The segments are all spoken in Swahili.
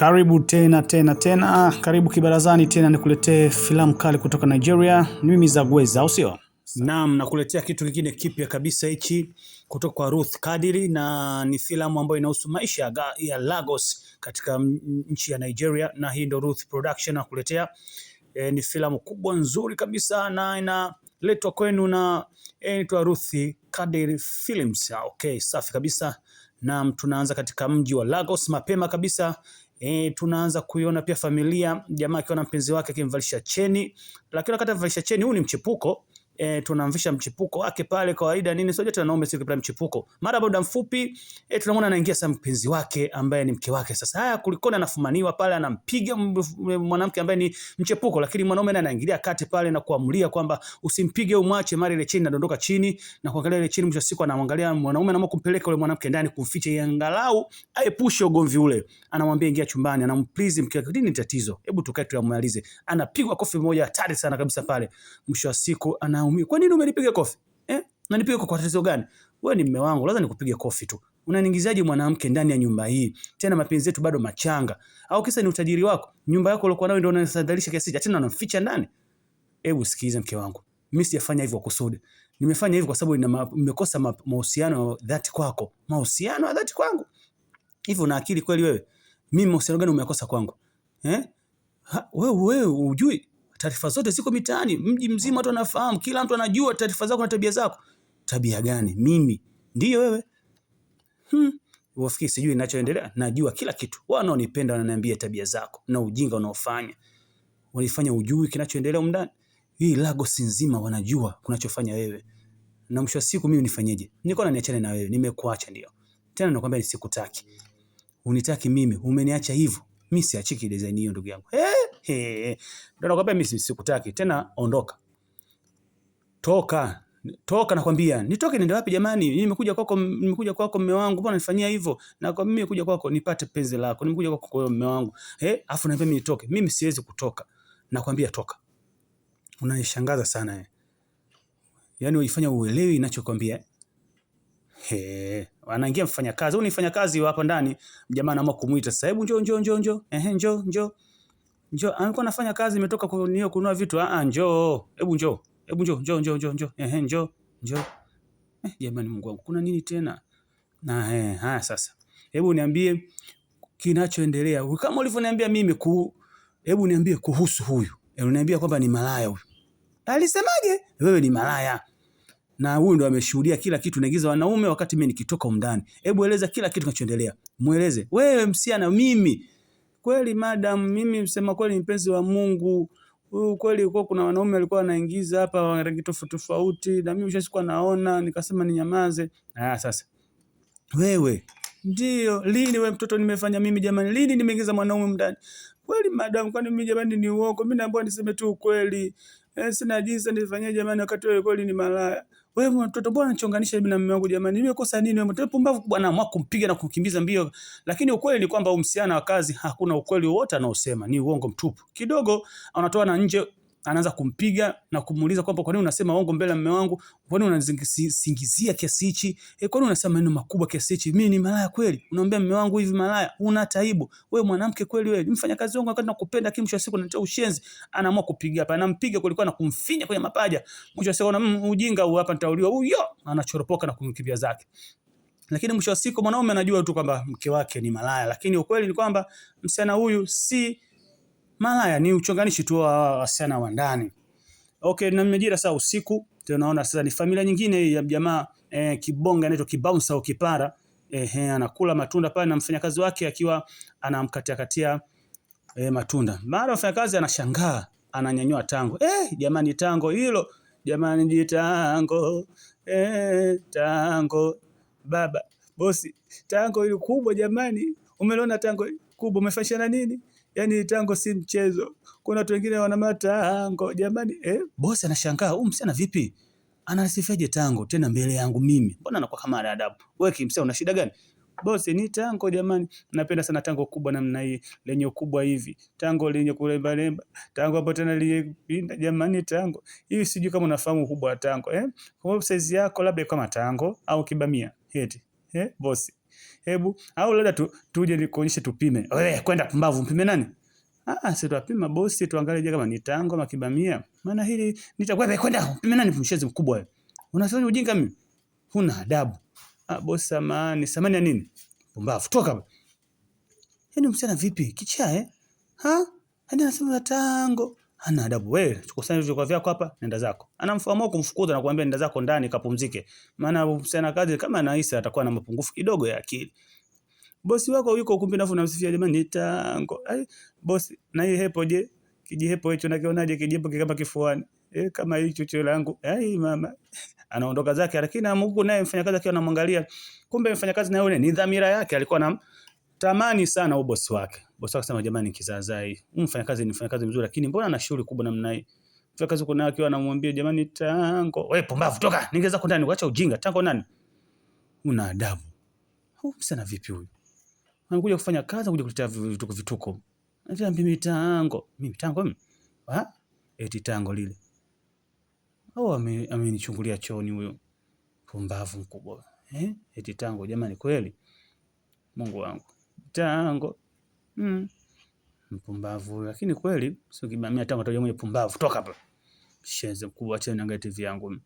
Karibu tena tena tena, karibu kibarazani tena, nikuletee filamu kali kutoka Nigeria. Mimi Zagweza, au sio? Naam, nakuletea kitu kingine kipya kabisa hichi kutoka kwa Ruth Kadiri, na ni filamu ambayo inahusu maisha ya Lagos katika nchi ya Nigeria, na hii ndio Ruth Production nakuletea. E, ni filamu kubwa nzuri kabisa na inaletwa kwenu na e, Ruth Kadir Films. Okay, safi kabisa. Na tunaanza katika mji wa Lagos mapema kabisa. E, tunaanza kuiona pia familia jamaa akiwa na mpenzi wake akimvalisha cheni, lakini wakati amvalisha cheni, huu ni mchepuko e, tunamvisha mchipuko wake pale kawaida nini, sio tena naume siku pale mchipuko. Mara baada mfupi e, tunamwona anaingia sasa mpenzi wake ambaye ni mke wake. Sasa haya kulikoni, anafumaniwa pale, anampiga mwanamke ambaye ni mchepuko, lakini mwanaume naye anaingilia kati pale na kuamulia kwamba usimpige, umwache. Mara ile chini nadondoka chini na kuangalia ile chini, mwisho siku anamwangalia mwanaume, anaamua kumpeleka yule mwanamke ndani kumficha, ili angalau aepushe ugomvi ule. Anamwambia ingia chumbani, anamplease mke wake, nini tatizo? Hebu tukae tuyamalize. Anapigwa kofi moja hatari sana kabisa pale, mwisho wa siku ana anaumia. Kwa nini umenipiga kofi? Eh? Unanipiga kwa tatizo gani? Wewe ni mume wangu, lazima nikupige kofi tu. Unaniingizaje mwanamke ndani ya nyumba hii? Tena mapenzi yetu bado machanga. Au kisa ni utajiri wako? Nyumba yako uliokuwa nayo ndio unasadalisha kiasi cha tena unamficha ndani? Hebu sikiliza mke wangu. Mimi sijafanya hivyo kusudi. Nimefanya hivyo kwa sababu nimekosa ma, mahusiano ya dhati kwako. Mahusiano ya dhati kwangu? Hivyo una akili kweli wewe? Mimi mahusiano gani umekosa kwangu? Eh? Ha, wewe wewe ujui Taarifa zote ziko mitaani, mji mzima, watu wanafahamu, kila mtu anajua taarifa zako na tabia zako. Tabia gani? Mimi ndiyo wewe? Hmm. Wafikiri sijui ninachoendelea? Najua kila kitu. Wanaonipenda wananiambia tabia zako na ujinga unaofanya, walifanya ujui kinachoendelea ndani. Hii Lagos nzima wanajua kunachofanya wewe, na mwisho wa siku mimi nifanyeje? Niko na niachane na wewe, nimekuacha ndio tena nakwambia nisikutaki, unitaki mimi, umeniacha hivyo. Mimi siachiki design hiyo ndugu yangu eh. Hey! Hey, ndio nakwambia mimi sikutaki tena, ondoka, toka, toka nakwambia. Nitoke niende wapi jamani? Nimekuja kwako, nimekuja kwako mume wangu, mbona nifanyia hivyo? Na kwa mimi nimekuja kwako nipate penzi lako, nimekuja kwako kwa mume wangu eh, afu naambia mimi nitoke. Mimi siwezi kutoka, nakwambia toka. Unanishangaza sana eh, yaani uifanya uelewi ninachokwambia. He, anaingia mfanyakazi, huyu ni mfanyakazi hapa ndani. Jamaa anaamua kumuita sasa, hebu njoo njoo njoo njoo, ehe, njoo njoo Njoo, alikuwa anafanya kazi imetoka kunio kunua vitu. Ah, ah, njoo. Hebu njoo. Hebu njoo, njoo, njoo, njoo, njoo. Ehe, njoo. Njoo. Eh, jamani Mungu wangu, kuna nini tena? Na eh, haya sasa. Hebu niambie kinachoendelea. Kama ulivyoniambia mimi ku hebu niambie kuhusu huyu. Hebu eh, niambia kwamba ni malaya huyu. Alisemaje? Wewe ni malaya. Na huyu ndo ameshuhudia kila kitu naigiza wanaume wakati mimi nikitoka umndani. Hebu eleza kila kitu kinachoendelea. Mueleze. Wewe msiana mimi Kweli madam, mimi msema kweli mpenzi wa Mungu. Huyu kweli ulikuwa kuna wanaume walikuwa wanaingiza hapa wa rangi tofauti tofauti na mimi ushasikuwa naona nikasema ninyamaze. Ah, sasa. Wewe ndio lini wewe mtoto nimefanya mimi jamani? Lini nimeingiza mwanaume mndani? Kweli madam, kwani mimi jamani ni uongo? Mimi naambiwa niseme tu ukweli. Eh, sina jinsi nifanyaje jamani wakati wewe kweli ni malaya. Wewe mtoto bwana chonganisha mimi na mume wangu jamani. Nimekosa nini wewe? Mtoto bwana amua kumpiga na kukimbiza mbio. Lakini ukweli ni kwamba umsiana wa kazi hakuna ukweli wowote anaosema, ni uongo mtupu. Kidogo anatoa na nje anaanza kumpiga na kumuuliza kwamba kwa nini unasema uongo mbele ya mume wangu? Kwa nini unasingizia kiasi hichi? E, kwa nini unasema maneno makubwa kiasi hichi? Mimi ni malaya kweli? Unaambia mume wangu hivi malaya? Una taibu wewe, mwanamke kweli wewe? Mfanya kazi wangu wakati nakupenda, kimwisho wa siku natoa ushenzi. Anaamua kupiga hapa, anampiga kulikuwa na kumfinya kwenye mapaja. Mwisho wa siku na mm, ujinga huu hapa, nitauliwa huyo. Anachoropoka na kumkimbia zake lakini mwisho wa siku mwanaume anajua tu kwamba mke wake ni malaya, lakini ukweli ni kwamba msichana huyu si malaya ni uchonganishi tu wa wasichana wa ndani. Okay, na mmejira saa usiku tunaona sasa ni familia nyingine ya jamaa eh, kibonga anaitwa kibounsa au kipara eh, anakula matunda pale na mfanyakazi wake akiwa anamkatia katia eh, matunda. Mara mfanyakazi anashangaa, ananyanyua tango. Eh, jamani tango hilo, jamani jitango. Eh, tango baba bosi, tango hili kubwa jamani, umelona tango kubwa umefanyana nini? Yaani tango si mchezo. Kuna watu wengine wana matango. Jamani, eh, bosi anashangaa, huyu msichana vipi? Anasifaje tango tena mbele yangu mimi? Mbona anakuwa kama ana adabu? Wewe kimsao una shida gani? Bosi, ni tango jamani. Napenda sana tango kubwa namna hii, lenye ukubwa hivi. Tango lenye kulemba lemba. Tango hapo tena pinda jamani tango. Hii sijui kama unafahamu ukubwa wa tango, eh? Kwa sababu size yako labda kama tango au kibamia. Heti. eh, bosi. Hebu au labda tu, tuje nikuonyeshe tupime. Wewe kwenda pumbavu mpime nani? Ah, si tupima bosi tuangalie je kama ni tango ama kibamia. Maana hili nitakuwa wewe kwenda mpime nani mshezi mkubwa wewe. Unasema ujinga mimi. Huna adabu. Ah, bosi samani, samani ya nini? Pumbavu toka. Yaani msichana vipi? Kichaa eh? Ha? Hadi yaani anasema tango hana adabu. Wewe hivi kwa vyako hapa, nenda zako. Anamfahamu kumfukuza na kumwambia nenda zako ndani kapumzike. Maana msichana kazi kama anahisi atakuwa na mapungufu kidogo ya akili. Bosi wako yuko ukumbi nafu na msifia jamani nitango. Ai bosi na hii hepo je? Kijihepo hicho nakionaje kijipo kama kifuani? Eh, kama hicho chocho langu. Ai mama. Anaondoka zake lakini huku naye mfanyakazi akiwa anamwangalia. Kumbe mfanyakazi naye ni dhamira yake alikuwa anamtamani sana ubosi wake bosi wake akasema, jamani, kizaazai, kazi ni kazi mzuri, lakini mbona ana shughuli kubwa namna hii? Mfanyakazi kuna akiwa anamwambia, jamani, Tango wewe pumbavu, toka ningeza kwa ndani, acha ujinga. Tango nani? Una adabu huyu msana, vipi huyu? Anakuja kufanya kazi, anakuja kutetea vituko vituko, anasema mimi Tango, mimi Tango, mimi ha eti Tango lile oh, au amenichungulia ame choni huyo pumbavu mkubwa eh, eti Tango. Jamani, kweli Mungu wangu Tango mm. Mpumbavu, lakini kweli sio kibamia tangu ataje mwenye pumbavu, toka hapa. Mshenzi mkubwa, acha niangalie TV yangu.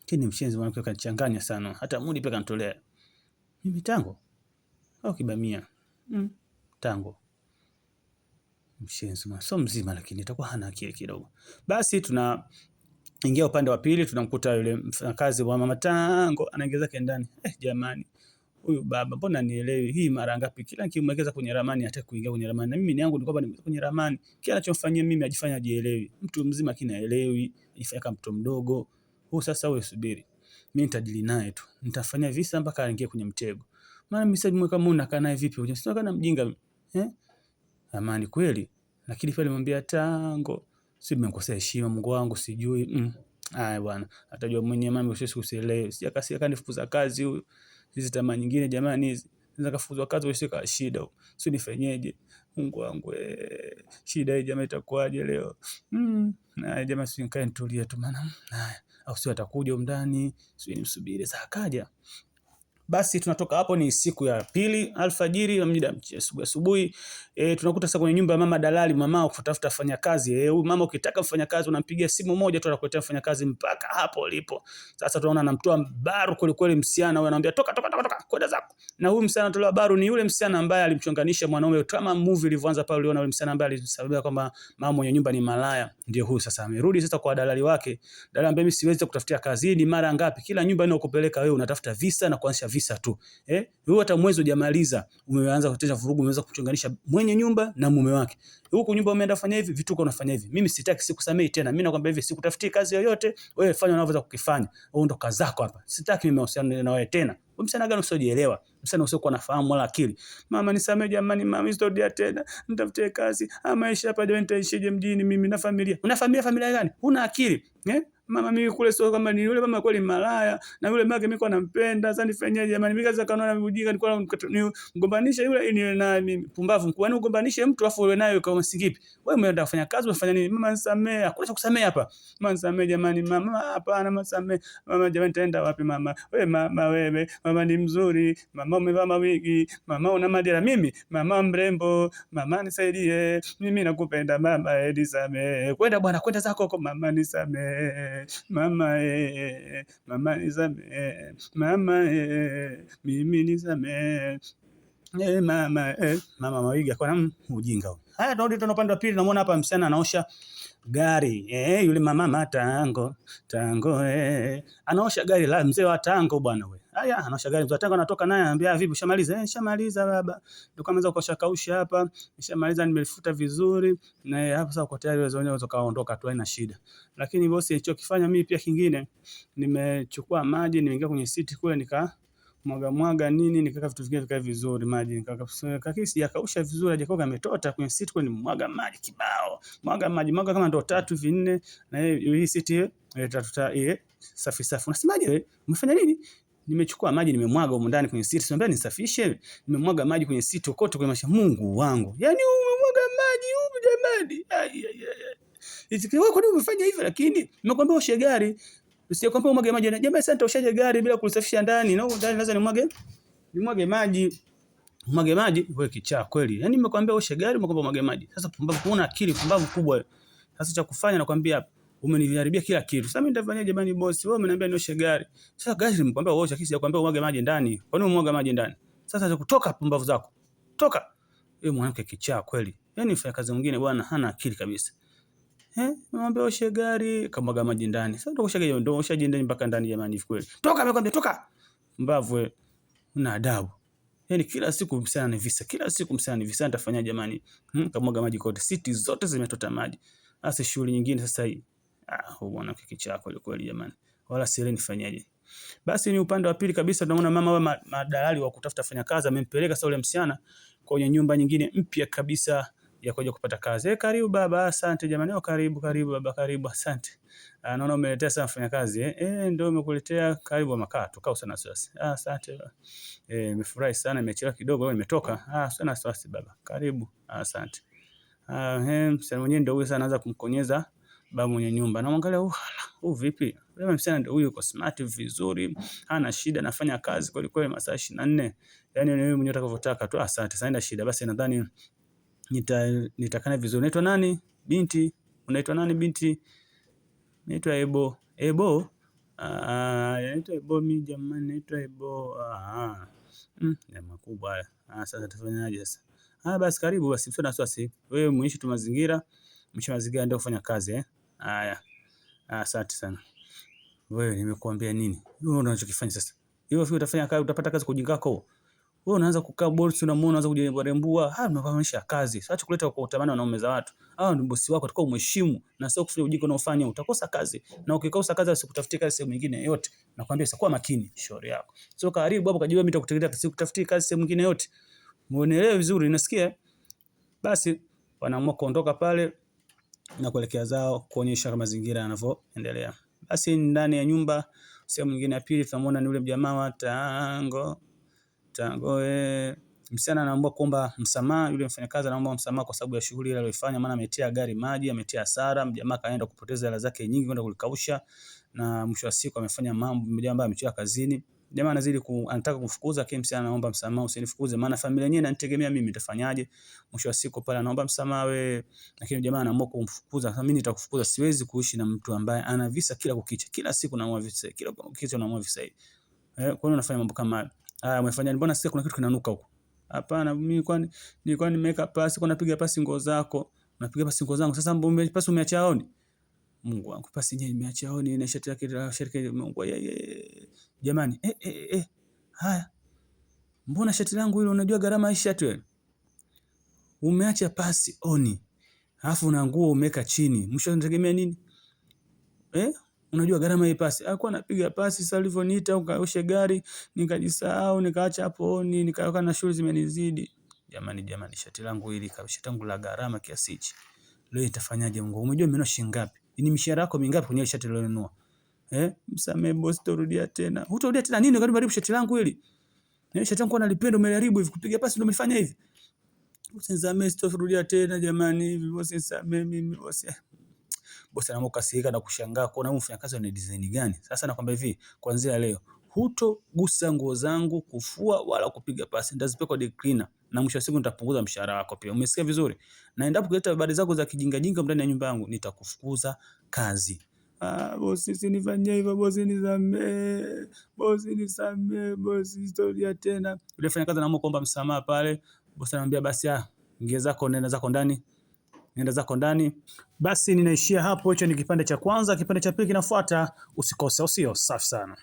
Lakini mshenzi mwanamke kanichanganya sana. Hata mudi pia kanitolea. Mimi tango au kibamia? Mm, tango. Mshenzi mwana, so mzima lakini itakuwa hana akili kidogo. Basi tuna ingia upande wa pili tunamkuta yule mfanyakazi wa mama Tango anaingia zake ndani. Eh, jamani huyu baba, mbona nielewi hii mara ngapi? Kila nikimwekeza kwenye ramani hata kuingia kwenye ramani, na mimi niangu ni kwamba nimeweka kwenye ramani. Kila anachofanyia mimi ajifanya ajielewi, mtu mzima kinaelewi, ajifanya kama mtoto mdogo huyu. Sasa wewe subiri, mimi nitajili naye tu, nitafanya visa mpaka aingie kwenye mtego. Maana mimi sasa nimweka mume kana naye vipi? Unajua Sio kana mjinga eh, amani kweli. Lakini pale nimwambia tango, sio nimekosea heshima, Mungu wangu sijui mm. Aya bwana, atajua mwenyewe mama, usielewe. Sija kasi akanifukuza kazi huyu hizi tamaa nyingine jamani hizi naweza kafukuzwa kazi sika shida, sio nifanyeje? Mungu wangu e, shida hii jamaa itakuwaje leo? Mm, na jamaa si nikae nitulie tu maana haya, au sio atakuja umdani, sio nimsubiri saa akaja. Basi tunatoka hapo, ni siku ya pili alfajiri na mjida asubuhi asubuhi E, tunakuta sasa kwenye nyumba ya mama dalali mama ukitafuta fanya kazi. E, eh, mama ukitaka mfanya kazi unampigia simu moja tu anakuletea mfanya kazi mpaka hapo ulipo. Sasa tunaona anamtoa baru kweli kweli msichana huyo anamwambia toka toka toka toka kwenda zako. Na huyu msichana anatolewa baru ni yule msichana ambaye alimchonganisha mwanaume kama movie ilivyoanza pale uliona yule msichana ambaye alisababisha kwamba mama mwenye nyumba ni malaya. Ndio huyu sasa amerudi sasa kwa dalali wake. Dalali ambaye mimi siwezi kutafutia kazi ni mara ngapi? Kila nyumba inayokupeleka wewe unatafuta visa na kuanzisha visa tu. Eh, wewe hata mwezi hujamaliza umeanza kutetea vurugu umeanza kuchonganisha mwezi mwenye nyumba na mume wake. Huko nyumba umeenda fanya hivi, vituko unafanya hivi. Mimi sitaki, sikusamei tena. Mimi nakwambia hivi, sikutafuti kazi yoyote, wewe fanya unavyoweza kukifanya. Wewe ndo kazi yako hapa. Sitaki mimi mahusiano na wewe tena. Wewe msana gani usiojielewa? Msana usiokuwa na fahamu wala akili. Mama nisamee jamani, mama nisitodia tena. Nitafute kazi. Ama ah, maisha hapa ndio nitaishije mjini mimi na familia. Una familia familia gani? Una akili. Eh? mama mimi kule sio kama ni yule mama kweli malaya na yule mama mimi kwa nampenda sasa nifanyaje jamani mimi kaza kanona mbujika nilikuwa mgombanisha yule ni na mimi pumbavu kwani ugombanishe mtu afu wewe naye kama singipi wewe umeenda kufanya kazi umefanya nini mama nisamee hakuna cha kusamea hapa mama nisamee jamani mama hapana mama nisamee mama jamani taenda wapi mama wewe mama wewe mama ni mzuri mama umevaa mawigi mama una madera mimi mama mrembo mama nisaidie mimi nakupenda mama edisamee. kwenda bwana kwenda zako huko mama nisamee mama eh, eh, eh, mama is a man. mama mimi man. e, eh, eh, mama eh, mama Mawiga kwa namu mm, ujinga huo. Haya, tunarudi tena upande wa pili, namuona hapa msichana anaosha gari eh, yule mama matango tango eh, anaosha gari la mzee wa tango bwana wewe. Haya, anaosha gari mzee wa tango, anatoka naye anambia ah, vipi, ushamaliza? Eh, shamaliza baba, ndio kama anza kuosha kausha hapa, nishamaliza nimelifuta vizuri na eh, hapo sasa, uko tayari wazee wenyewe wakaondoka tu, haina shida. Lakini bosi, alichokifanya mimi pia kingine, nimechukua maji nimeingia kwenye siti kule nika mwaga mwaga nini, nikaka vitu vingine vikae vizuri, maji nikaweka kisi yakausha vizuri, hajakauka ametota kwenye siti, kwani mwaga maji kibao, mwaga maji mwaga kama ndoo tatu vinne, na hii siti ile tatu ta ile safi safi. Unasemaje wewe, umefanya nini? Nimechukua maji nimemwaga huko ndani kwenye siti, siambia nisafishe, nimemwaga maji kwenye siti kote kwenye maisha. Mungu wangu, yani umemwaga maji huko jamani, ai ai ai, isikiwa kwa nini umefanya hivyo? Lakini nimekuambia ushe gari Usije kwamba umwage maji. Jamaa sasa nitaoshaje gari bila kulisafisha ndani? No, ndani lazima nimwage. Nimwage maji. Umwage maji wewe kichaa kweli. Yaani nimekwambia oshe gari umekwambia umwage maji. Sasa pumbavu kuna akili pumbavu kubwa. Sasa cha kufanya nakwambia umeniharibia kila kitu. Sasa mimi nitafanya jamani boss? wewe umeniambia nioshe gari. Sasa gari nimekwambia osha kisha yakwambia umwage maji ndani. Kwa nini umwage maji ndani? Sasa cha kutoka pumbavu zako. Toka. Wewe mwanamke kichaa kweli. Yaani fanya kazi nyingine bwana hana akili kabisa. Eh, nimwambia oshe gari, kamwaga maji ndani. Sasa ndo osha ndo oshaje ndani mpaka ndani jamani hivi kweli. Toka amekwambia toka. Mbavu wewe. Una adabu. Yaani kila siku msana ni visa, kila siku msana ni visa nitafanya jamani. Hmm, kamwaga maji kote. Siti zote zimetota maji. Sasa shughuli nyingine sasa hii. Ah, huyu bwana kiki chako ile kweli jamani. Wala siri nifanyaje? Basi ni upande wa pili kabisa tunaona mama wa madalali wa kutafuta fanya kazi amempeleka sasa ule msichana kwenye nyumba nyingine mpya kabisa ya kuja kupata kazi. Eh, karibu baba, asante jamani. Oh, karibu karibu baba, karibu asante. Ah, naona umeletea sana mfanya kazi eh. Eh, ndio umekuletea, karibu makaa tu, kaa sana sasa. Ah, asante. Eh, nimefurahi sana, nimechelewa kidogo, leo nimetoka. Ah, sana sasa baba, karibu. Ah, asante. Ah, eh, msichana mwenyewe ndio huyo sana, anaanza kumkonyeza baba mwenye nyumba, namwangalia uh, huyu vipi Lema msichana ndio huyu, uko smart vizuri, hana shida, anafanya kazi kwa kweli masaa 24. Yaani ni wewe mwenyewe utakavyotaka tu. Ah, asante, Sasa sina shida. Basi nadhani nita nitakana vizuri. Unaitwa nani? Binti. Unaitwa nani binti? Naitwa Ebo. Ebo? Ah, naitwa Ebo mimi jamani, naitwa Ebo. Ah. Mm, ya makubwa. Ah, sasa tufanyaje sasa? Ah, basi karibu basi, sio na wasiwasi. Wewe muishi tu mazingira, muishi mazingira ndio kufanya kazi eh. Haya. Ah, asante sana. Wewe nimekuambia nini? Wewe unachokifanya sasa. Hiyo utafanya kazi, utapata kazi kujingako. Wewe unaanza kukaa bosi unamuona unaanza kujirembarembua, haya mnakwamisha kazi. Sasa kuleta kwa utamani na wanaume za watu. Hao ni bosi wako atakao umheshimu na sio kufanya ujinga unaofanya utakosa kazi. Na ukikosa kazi asikutafutie kazi sehemu nyingine yote. Nakwambia sasa kuwa makini shauri yako. Sio karibu hapo kajiwa mimi nitakutengeneza sikutafutie kazi sehemu nyingine yote. Muonelee vizuri nasikia. Basi wanaamua kuondoka pale na kuelekea zao kuonyesha mazingira yanavyoendelea. Basi ndani ya nyumba sehemu nyingine ya pili tunamwona ni yule mjamaa wa tango tango, eh, msichana anaomba kuomba msamaha, yule mfanyakazi anaomba msamaha kwa sababu ya shughuli ile aliyofanya, maana ametia gari maji, ametia hasara, mjamaa kaenda kupoteza hela zake nyingi kwenda kulikausha, na mwisho wa siku amefanya mambo mjamaa ambaye amechoka kazini. Jamaa anazidi ku, anataka kumfukuza, lakini msichana anaomba msamaha, usinifukuze maana familia yenyewe inanitegemea mimi, nitafanyaje? Mwisho wa siku pale anaomba msamaha we, lakini jamaa anaamua kumfukuza. Sasa mimi nitakufukuza, siwezi kuishi na mtu ambaye ana visa kila kukicha, kila siku naamua visa, kila kukicha naamua visa hivi. Eh, kwa nini unafanya mambo kama hayo? Ah, umefanya mbona sasa kuna kitu kinanuka huko? Hapana, mimi kwani nilikuwa nimeweka pasi, kwa napiga pasi nguo zako, napiga pasi nguo zangu. Sasa mbona pasi umeacha aone? Mungu wangu, pasi yenyewe nimeacha aone na shati yake la shirika Mungu ye, Jamani, eh eh eh. Haya. Mbona shati langu hilo unajua gharama ya shati wewe? Umeacha pasi oni. Alafu na nguo umeweka chini. Mshonategemea nini? Eh? unajua gharama hii pasi. Alikuwa ah, anapiga pasi sasa alivyoniita ukaoshe gari nikajisahau nikaacha hapo ni nikaoka na shughuli zimenizidi. Jamani jamani shati langu hili kabisa tangu la gharama kiasi hichi. Leo itafanyaje Mungu? Umejua mimi na shilingi ngapi? Ni mshahara wako mingapi kwenye shati lilonunua? Eh, msamee boss, turudia tena. Hutarudia tena nini? Ngani haribu shati langu hili. Na shati langu nalipenda umeharibu hivi kupiga pasi ndio umefanya hivi. Usinisamee, sitorudia tena jamani, hivi usinisamee mimi boss bosi anaamua kukasirika na kushangaa kuona mfanyakazi ana design gani. Sasa nakwambia hivi, kuanzia leo hutogusa nguo zangu, kufua wala kupiga pasi, nitazipeleka deep cleaner na mwisho wa siku nitapunguza mshahara wako pia. Umesikia vizuri? Na endapo kuleta habari zako za kijinga jinga ndani ya nyumba yangu, nitakufukuza kazi. Ah, bosi usinifanyie hivyo bosi, nisamee bosi, nisamee bosi, historia tena. Yule mfanyakazi anaamua kuomba msamaha pale, bosi anamwambia basi, ah, ingia zako, nenda zako ndani, nenda zako ndani. Basi ninaishia hapo, hicho ni kipande cha kwanza. Kipande cha pili kinafuata, usikose, usio safi sana.